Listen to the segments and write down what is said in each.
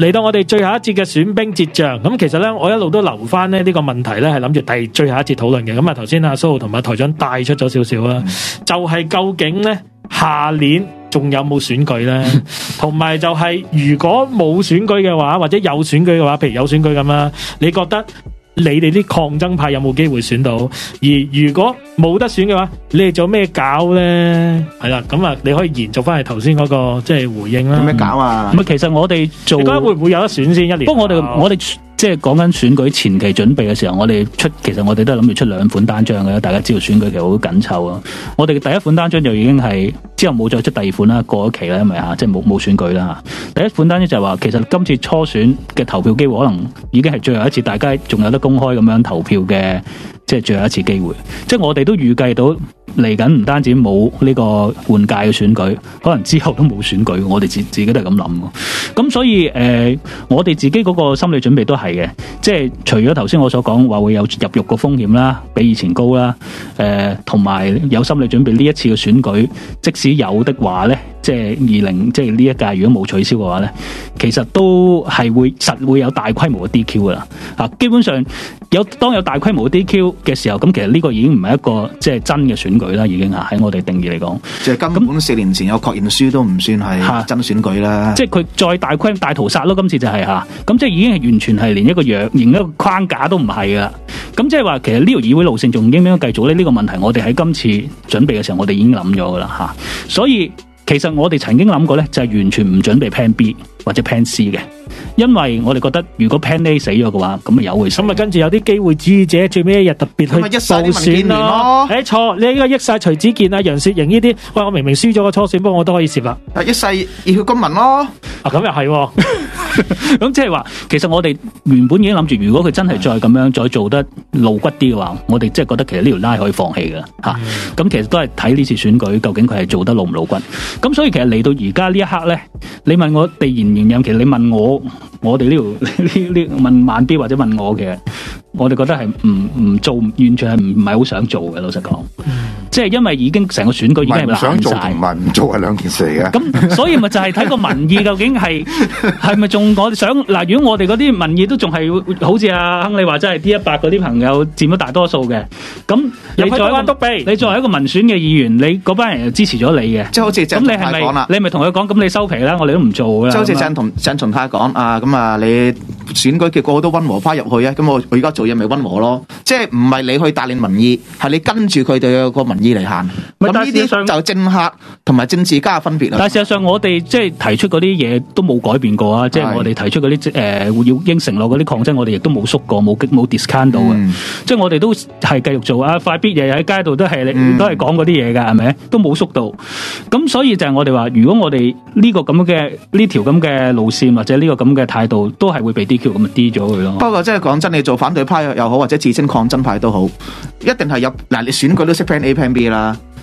嚟到我哋最後一節嘅損兵折將，咁其實呢，我一路都留返呢個問題呢係諗住第最後一節討論嘅。咁啊，頭先阿蘇浩同埋台長帶出咗少少啦，就係、是、究竟呢下年仲有冇選舉呢？同 埋就係如果冇選舉嘅話，或者有選舉嘅話，譬如有選舉咁啦，你覺得？你哋啲抗爭派有冇機會選到？而如果冇得選嘅話，你哋做咩搞呢？係啦，咁啊，你可以延續返去頭先嗰個即係回應啦。做咩搞啊？唔係，其實我哋做，你覺得會唔會有得選先一年？不過我哋我哋。即係講緊選舉前期準備嘅時候，我哋出其實我哋都係諗住出兩款單張嘅，大家知道選舉其實好緊湊啊。我哋第一款單張就已經係之後冇再出第二款啦，過咗期啦，因為嚇即係冇冇選舉啦。第一款單張就係話其實今次初選嘅投票機會可能已經係最後一次，大家仲有得公開咁樣投票嘅。即係最後一次機會，即係我哋都預計到嚟緊唔單止冇呢個換屆嘅選舉，可能之後都冇選舉，我哋自自己都係咁諗。咁所以誒、呃，我哋自己嗰個心理準備都係嘅，即係除咗頭先我所講話會有入獄嘅風險啦，比以前高啦，誒、呃，同埋有，有心理準備呢一次嘅選舉，即使有的話呢。即係二零，即係呢一屆，如果冇取消嘅話咧，其實都係會實會有大規模嘅 DQ 噶啦。啊，基本上有當有大規模嘅 DQ 嘅時候，咁其實呢個已經唔係一個即係、就是、真嘅選舉啦，已經啊喺我哋定義嚟講，即、就、係、是、根本四年前有確認書都唔算係真選舉啦。即係佢再大規大屠殺咯，今次就係吓咁，即係已經係完全係連一個樣，連一個框架都唔係噶啦。咁即係話，其實呢條議會路線仲應唔應該繼續咧？呢、這個問題我哋喺今次準備嘅時候，我哋已經諗咗噶啦吓，所以。其實我哋曾經諗過咧，就係完全唔準備 plan B 或者 plan C 嘅，因為我哋覺得如果 plan A 死咗嘅話，咁咪有回事。咁啊，跟住有啲機會主義者最尾一日特別去布選咯，咯。誒，錯，你呢個益晒徐子見啊、楊雪盈呢啲，喂，我明明輸咗個初選，不過我都可以蝕啦。啊，益晒熱血公民咯。啊，咁又係，咁即係話，其實我哋原本已經諗住，如果佢真係再咁樣再做得。露骨啲嘅話，我哋即係覺得其實呢條拉可以放棄嘅吓，咁、嗯啊、其實都係睇呢次選舉究竟佢係做得露唔露骨，咁所以其實嚟到而家呢一刻咧，你問我地緣原因，其實你問我我哋呢呢呢問慢啲或者問我嘅。我哋覺得係唔唔做，完全係唔唔係好想做嘅。老實講，即係因為已經成個選舉已經爛晒。想做同埋唔做係兩件事嚟嘅。咁所以咪就係睇個民意究竟係係咪仲我想嗱？如果我哋嗰啲民意都仲係好似阿亨利話，即係 D100 嗰啲朋友占咗大多數嘅，咁你再彎篤背，你作為一個民選嘅議員，你嗰班人支持咗你嘅，即係好似鄭大講啦，你咪同佢講，咁你收皮啦，我哋都唔做噶啦。即係好似鄭同鄭松泰講啊，咁啊你。選舉結果好多溫和派入去啊！咁我我而家做嘢咪溫和咯，即係唔係你去帶領民意，係你跟住佢哋個民意嚟行。咁呢啲就政客同埋政治家嘅分別啦。但係事實上我哋即係提出嗰啲嘢都冇改變過啊！即係我哋提出嗰啲誒要應承落嗰啲抗爭，我哋亦都冇縮過，冇冇 discount 到嘅、嗯。即係我哋都係繼續做啊！快必日日喺街度都係你都係講嗰啲嘢㗎，係、嗯、咪？都冇縮到。咁所以就係我哋話，如果我哋呢個咁嘅呢條咁嘅路線，或者呢個咁嘅態度，都係會俾啲。叫咁咪 D 咗佢咯。不過真係講真，你做反對派又好，或者自稱抗爭派都好，一定係有嗱，你選舉都識 plan A plan B 啦。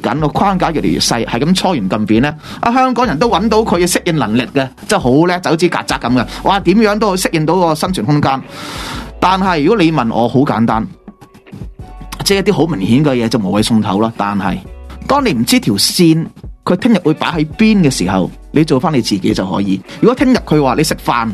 緊個框架越嚟越細，係咁搓圓撳扁呢。啊，香港人都揾到佢嘅適應能力嘅，真係好叻，走之曱甴咁嘅。哇，點樣都去適應到個生存空間。但係如果你問我，好簡單，即係一啲好明顯嘅嘢就無謂送頭啦。但係當你唔知條綫佢聽日會擺喺邊嘅時候，你做翻你自己就可以。如果聽日佢話你食飯。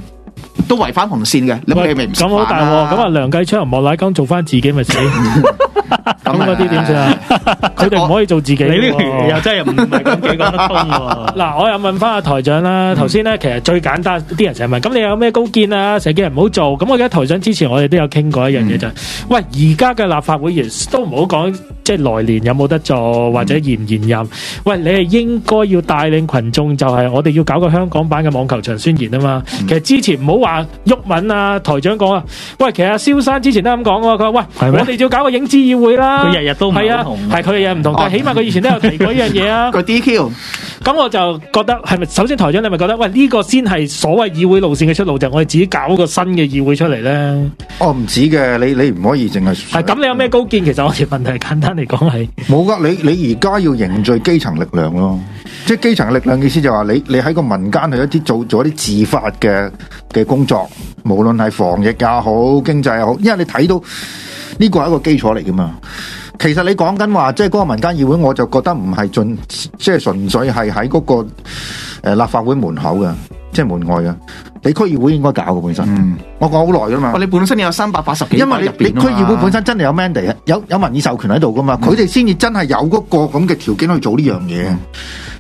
都圍翻紅線嘅，你咁好大喎！咁啊，啊那梁繼昌又莫乃光做翻自己咪死，咁嗰啲點算啊那那？佢哋唔可以做自己。 你呢？又真係唔係幾講得通喎？嗱， 我又問翻阿台長啦。頭先咧，其實最簡單啲、嗯、人成日問：咁你有咩高見啊？成啲人唔好做。咁我記得台長之前我哋都有傾過一樣嘢就係：喂，而家嘅立法會議員都唔好講，即、就、係、是、來年有冇得做或者延唔延任？喂，你係應該要帶領群眾，就係我哋要搞個香港版嘅網球場宣言啊嘛。其實之前唔好話。郁敏啊，台長講啊，喂，其實蕭生之前都咁講喎，佢話喂，我哋要搞個影子議會啦，佢日日都係啊，係佢嘢唔同，但係起碼佢以前都有提過嗰樣嘢啊，個 DQ，咁我就覺得係咪？首先台長你咪覺得喂呢、這個先係所謂議會路線嘅出路，就係、我哋自己搞個新嘅議會出嚟咧？我、哦、唔止嘅，你你唔可以淨係係咁，咁你有咩高見？其實我哋問題簡單嚟講係冇噶你你而家要凝聚基層力量咯。即係基層力量嘅意思就話，你你喺個民間係一啲做做一啲自發嘅嘅工作，無論係防疫也好，經濟也好，因為你睇到呢、這個係一個基礎嚟噶嘛。其實你講緊話，即係嗰個民間議會，我就覺得唔係盡即係、就是、純粹係喺嗰個誒、呃、立法會門口噶。即係門外噶，你區議會應該搞嘅本身。嗯，我講好耐噶嘛。哇、哦，你本身有三百八十，因為你區議會本身真係有 mandate 啊，有有民意授權喺度噶嘛，佢哋先至真係有嗰個咁嘅條件去做呢樣嘢。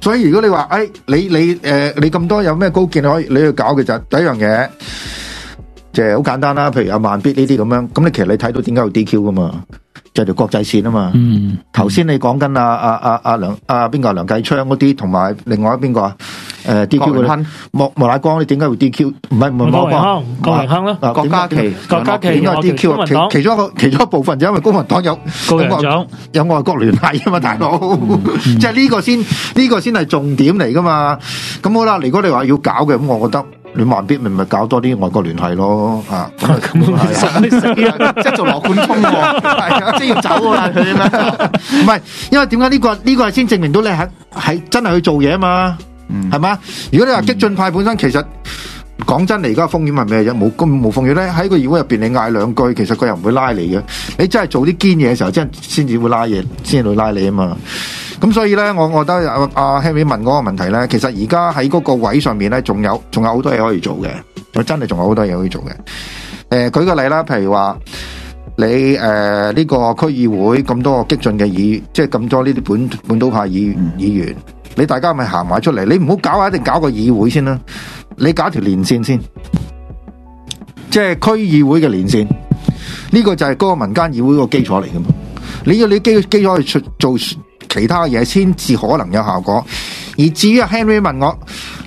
所以如果你話，誒、哎，你你誒，你咁、呃、多有咩高見可以你去搞嘅就第一樣嘢，即係好簡單啦。譬如阿萬必呢啲咁樣，咁你其實你睇到點解有 DQ 噶嘛？即係條國際線啊嘛，頭先你講緊阿阿阿阿梁阿邊個，梁繼昌嗰啲，同埋另外一邊個啊，誒，DQ 佢莫莫乃光，你點解會 DQ？唔係唔係莫乃光，郭榮鏗啦，郭家麒，郭家麒點解 DQ 啊？其其中一個，其中一部分就因為公民黨有，公民黨有外國聯繫啊嘛，大佬，即係呢個先呢個先係重點嚟噶嘛，咁好啦，如果你話要搞嘅，咁我覺得。你未必咪咪搞多啲外國聯繫咯，吓咁啊，死啊！即做羅冠聰啊，係、就是、 即 要走啊嘛，佢啊，唔 係，因為點解呢個呢、這個係先證明到你係係真係去做嘢啊嘛，係、嗯、嘛？如果你話激進派本身、嗯、其實講真你而家風險係咩啫？冇根本冇風險咧，喺個議會入邊你嗌兩句，其實佢又唔會拉你嘅。你真係做啲堅嘢嘅時候，真係先至會拉嘢，先至會拉你啊嘛。咁所以咧，我覺得阿阿 Henry 問嗰個問題咧，其實而家喺嗰個位上面咧，仲有仲有好多嘢可以做嘅，我真係仲有好多嘢可以做嘅。誒、呃，舉個例啦，譬如話你誒呢個區議會咁多激進嘅議員，即係咁多呢啲本本土派議員、嗯、議員，你大家咪行埋出嚟，你唔好搞下，一定搞個議會先啦，你搞條連線先，即係區議會嘅連線，呢個就係嗰個民間議會個基礎嚟噶嘛，你要你基基礎去出做。其他嘅嘢先至可能有效果，而至於 Henry 問我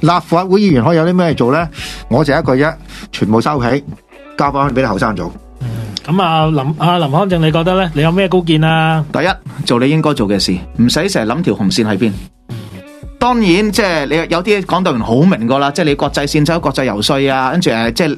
立法會議員可以有啲咩做咧，我就一句啫，全部收起，交翻俾你後生做。咁、嗯、啊，林啊林匡正，你覺得咧？你有咩高見啊？第一，做你應該做嘅事，唔使成日諗條紅線喺邊。當然，即係你有啲講到人好明噶啦，即係你國際線走國際遊説啊，跟住誒，即係。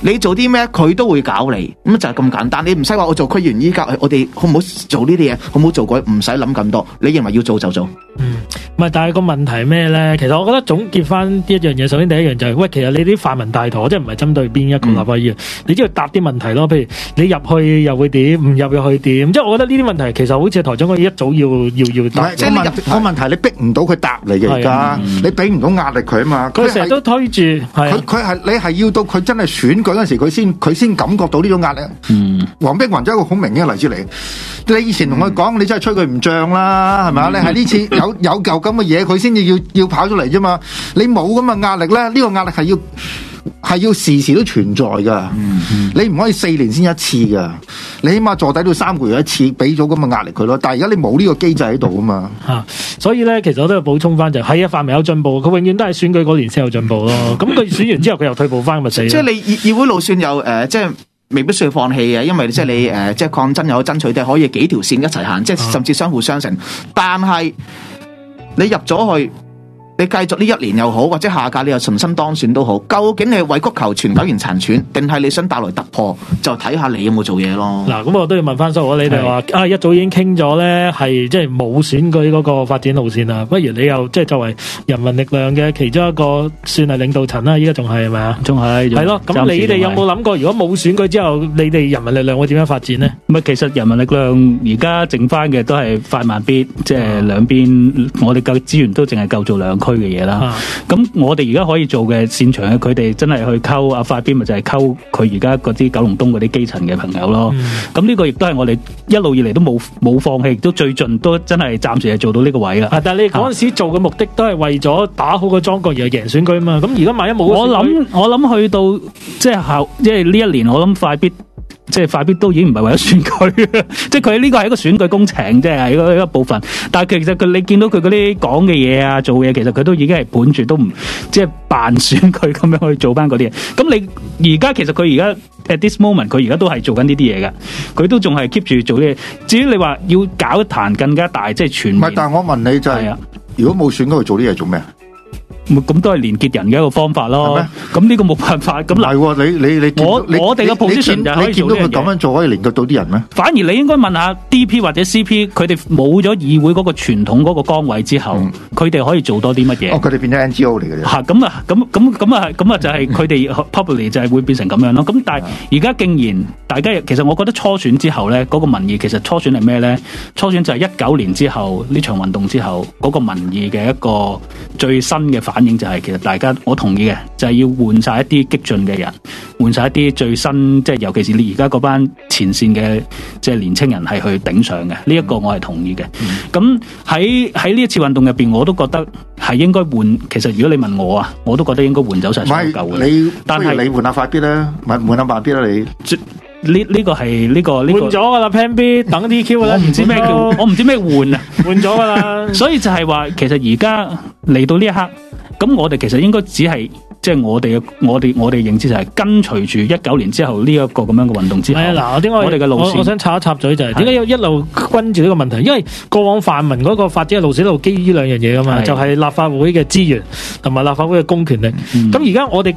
你做啲咩，佢都會搞你，咁就係咁簡單。你唔使話我做區議員，依家我哋好唔好做呢啲嘢，好唔好做鬼，唔使諗咁多。你認為要做就做，嗯，唔係。但係個問題咩咧？其實我覺得總結翻呢一樣嘢，首先第一樣就係喂，其實你啲泛民大台，即係唔係針對邊一個立法議員，你知道要答啲問題咯。譬如你入去又會點，唔入又會點。即係我覺得呢啲問題，其實好似台長嗰啲一早要要要答。即係入個問題，你逼唔到佢答你嘅而家，你俾唔到壓力佢啊嘛。佢成日都推住，佢佢係你係要到佢真係選。嗰陣時佢先佢先感覺到呢種壓力，嗯、黃碧雲真係一個好明顯嘅例子嚟。你以前同佢講，你真係吹佢唔漲啦，係咪啊？嗯、 你係呢次有有嚿咁嘅嘢，佢先至要要跑出嚟啫嘛。你冇咁嘅壓力咧，呢、呢個壓力係要。係要時時都存在噶、嗯嗯，你唔可以四年先一次噶，你起碼坐底到三個月一次，俾咗咁嘅壓力佢咯。但係而家你冇呢個機制喺度啊嘛，吓、啊，所以咧其實我都要補充翻就係、是、啊，泛民有進步，佢永遠都係選舉嗰年先有進步咯。咁 佢選完之後佢又退步翻咪 死即係你議會路線又誒，即係未必需要放棄嘅，因為即係你誒、呃，即係抗爭有爭取，即係可以幾條線一齊行，即係甚至相互相成。啊、但係你入咗去。你繼續呢一年又好，或者下屆你又重新當選都好，究竟你係委曲求全、苟延殘喘，定係你想帶來突破？就睇下你有冇做嘢咯。嗱、啊，咁我都要問翻蘇浩，你哋話啊，一早已經傾咗咧，係即係冇選舉嗰個發展路線啊。不如你又即係作為人民力量嘅其中一個，算係領導層啦。依家仲係咪啊？仲係。係咯。咁、嗯嗯就是、你哋有冇諗過，如果冇選舉之後，你哋人民力量會點樣發展呢？咁其實人民力量而家剩翻嘅都係快慢必，即係兩邊，我哋嘅資源都淨係夠做兩個，區嘅嘢啦，咁我哋而家可以做嘅，擅長喺佢哋真係去溝阿快必，咪就係溝佢而家嗰啲九龍東嗰啲基層嘅朋友咯。咁、嗯、呢個亦都係我哋一路以嚟都冇冇放棄，亦都最近都真係暫時係做到呢個位啦。但係你嗰陣時做嘅目的都係為咗打好個莊局而贏選舉啊嘛。咁而家萬一冇，我諗我諗去到即係後，即係呢一年我諗快必。即係快必都已經唔係為咗選舉， 即係佢呢個係一個選舉工程，即係一個一個部分。但係其實佢你見到佢嗰啲講嘅嘢啊，做嘢其實佢都已經係本住都唔即係扮選舉咁樣去做翻嗰啲嘢。咁你而家其實佢而家 at this moment 佢而家都係做緊呢啲嘢㗎。佢都仲係 keep 住做啲嘢。至於你話要搞一壇更加大，即係全面。唔係，但係我問你就係，啊，如果冇選舉去做啲嘢做咩啊？咁都係連結人嘅一個方法咯。咁呢個冇辦法。咁嗱，你你你我你你我哋嘅 position 就可以做到。你見到佢咁樣、樣做可以連結到啲人咩？反而你應該問下 DP 或者 CP，佢哋冇咗議會嗰個傳統嗰個崗位之後，佢、嗯、哋可以做多啲乜嘢？哦，佢哋變咗 NGO 嚟嘅吓，咁啊，咁咁咁啊，係咁啊，就係佢哋 publicly 就係會變成咁樣咯。咁但係而家竟然大家其實，我覺得初選之後咧，嗰、那個民意其實初選係咩咧？初選就係一九年之後呢場運動之後嗰、那個民意嘅一個最新嘅反反映就係、是、其實大家我同意嘅，就係、是、要換晒一啲激進嘅人，換晒一啲最新，即係尤其是你而家嗰班前綫嘅即係年青人係去頂上嘅，呢一個我係同意嘅。咁喺喺呢一次運動入邊，我都覺得係應該換。其實如果你問我啊，我都覺得應該換走晒上唔夠嘅。但係你換下快啲啦，咪換下慢啲啦，你呢呢個係呢、這個呢、這個、換咗噶啦。Plan B 等 DQ 啦，我唔知咩叫我唔知咩換啊，換咗噶啦。所以就係話，其實而家嚟到呢一刻。咁我哋其實應該只係，即、就、係、是、我哋嘅我哋我哋認知就係跟隨住一九年之後呢一個咁樣嘅運動之後，我哋嘅路線我，我想插一插嘴就係點解一路跟住呢個問題？因為過往泛民嗰個發展嘅路線一路基於呢兩樣嘢㗎嘛，是就係、是、立法會嘅資源同埋立法會嘅公權力。咁而家我哋。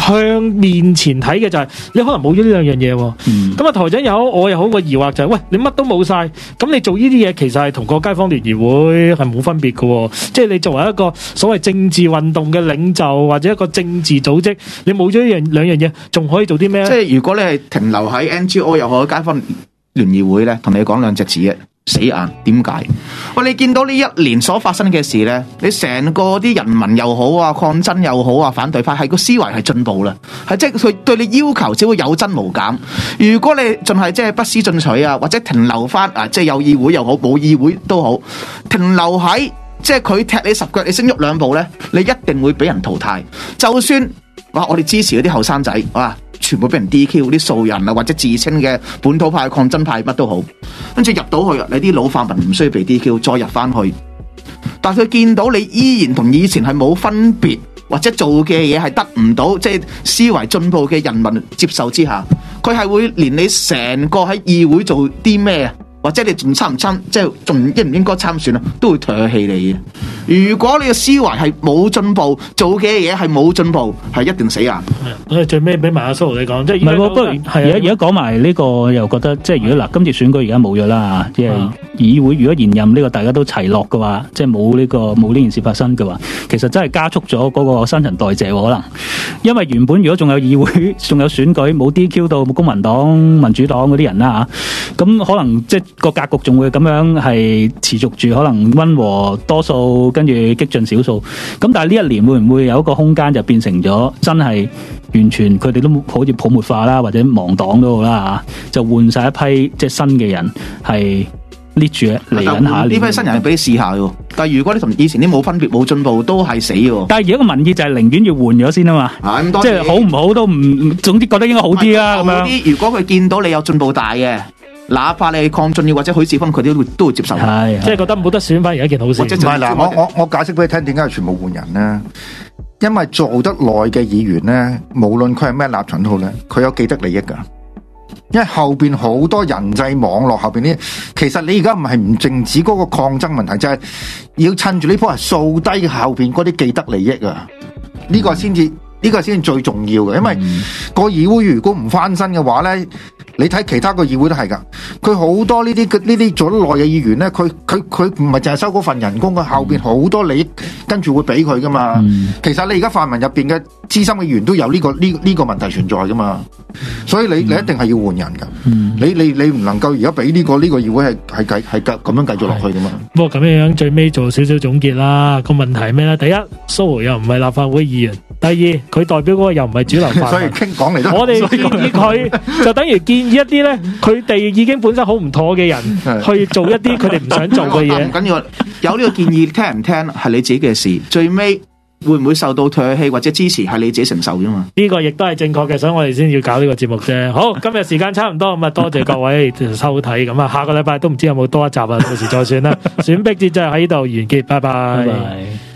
向面前睇嘅就係，你可能冇咗呢兩樣嘢，咁、嗯、啊台長又好，我又好個疑惑就係，喂，你乜都冇晒，咁你做呢啲嘢其實係同個街坊聯誼會係冇分別喎、哦。即係你作為一個所謂政治運動嘅領袖或者一個政治組織，你冇咗呢樣兩樣嘢，仲可以做啲咩？即係如果你係停留喺 NGO 又或者街坊聯誼會咧，同你講兩隻字死眼點解？喂，你見到呢一年所發生嘅事呢，你成個啲人民又好啊，抗爭又好啊，反對派係個思維係進步啦，係即係佢對你要求只會有增無減。如果你仲係即係不思進取啊，或者停留翻啊，即係有議會又好，冇議會都好，停留喺即係佢踢你十腳，你先喐兩步呢，你一定會俾人淘汰。就算哇，我哋支持嗰啲後生仔啊。哇全部俾人 DQ 啲素人啊，或者自稱嘅本土派、抗爭派乜都好，跟住入到去啊！你啲老泛民唔需要被 DQ，再入翻去。但佢見到你依然同以前係冇分別，或者做嘅嘢係得唔到，即係思維進步嘅人民接受之下，佢係會連你成個喺議會做啲咩啊？或者你仲參唔參，即係仲應唔應該參選啊？都會唾棄你嘅。如果你嘅思維係冇進步，做嘅嘢係冇進步，係一定死硬！我最尾俾埋阿蘇浩你講，即係係不如而家而家講埋呢個又覺得，即係如果嗱，今次選舉而家冇咗啦，即係、啊就是、議會如果現任呢、這個大家都齊落嘅話，即係冇呢個冇呢件事發生嘅話，其實真係加速咗嗰個新陳代謝喎。可能因為原本如果仲有議會，仲有選舉，冇 DQ 到公民黨、民主黨嗰啲人啦，咁可能即係。個格局仲會咁樣係持續住，可能溫和多數，跟住激進少數。咁但係呢一年會唔會有一個空間就變成咗真係完全佢哋都好似泡沫化啦，或者亡黨都好啦吓，就換晒一批即係新嘅人係捏住嚟緊下呢批新人係俾試下喎。但係如果你同以前啲冇分別冇進步都係死。但係而家個民意就係寧願要換咗先啊嘛，嗯，即係好唔好都唔，總之覺得應該好啲啦。咁啲如果佢見到你有進步大嘅。哪怕你去抗進要或者許智峯，佢都都會接受，即係覺得冇得選，反而一件好事。唔係嗱，我我我解釋俾你聽，點解係全部換人咧？因為做得耐嘅議員咧，無論佢係咩立場都好咧，佢有既得利益噶。因為後邊好多人際網絡後邊啲，其實你而家唔係唔淨止嗰個抗爭問題，就係、是、要趁住呢樖係掃低後邊嗰啲既得利益啊，呢、這個先至。嗯呢個先係最重要嘅，因為個議會如果唔翻身嘅話咧，你睇其他個議會都係噶，佢好多呢啲呢啲做得耐嘅議員咧，佢佢佢唔係淨係收嗰份人工，佢後邊好多利益跟住會俾佢噶嘛。嗯、其實你而家泛民入邊嘅，資深嘅議員都有呢、這個呢呢、這個問題存在噶嘛，所以你、嗯、你一定係要換人噶、嗯，你你你唔能夠而家俾呢個呢、這個議會係係繼係咁樣繼續落去㗎嘛。不過咁樣樣最尾做少少總結啦，個問題係咩咧？第一，蘇浩又唔係立法會議員，第二，佢代表嗰個又唔係主流派， 所以傾講嚟都。我哋建議佢就等於建議一啲咧，佢 哋已經本身好唔妥嘅人去做一啲佢哋唔想做嘅嘢，唔 緊要，有呢個建議聽唔聽係你自己嘅事，最尾。會唔會受到唾棄或者支持，係你自己承受啫嘛。呢個亦都係正確嘅，所以我哋先要搞呢個節目啫。好，今日時間差唔多，咁 啊多謝各位收睇，咁啊下個禮拜都唔知有冇多一集啊，到時再算啦。 選逼節就喺呢度完結，拜拜。Bye bye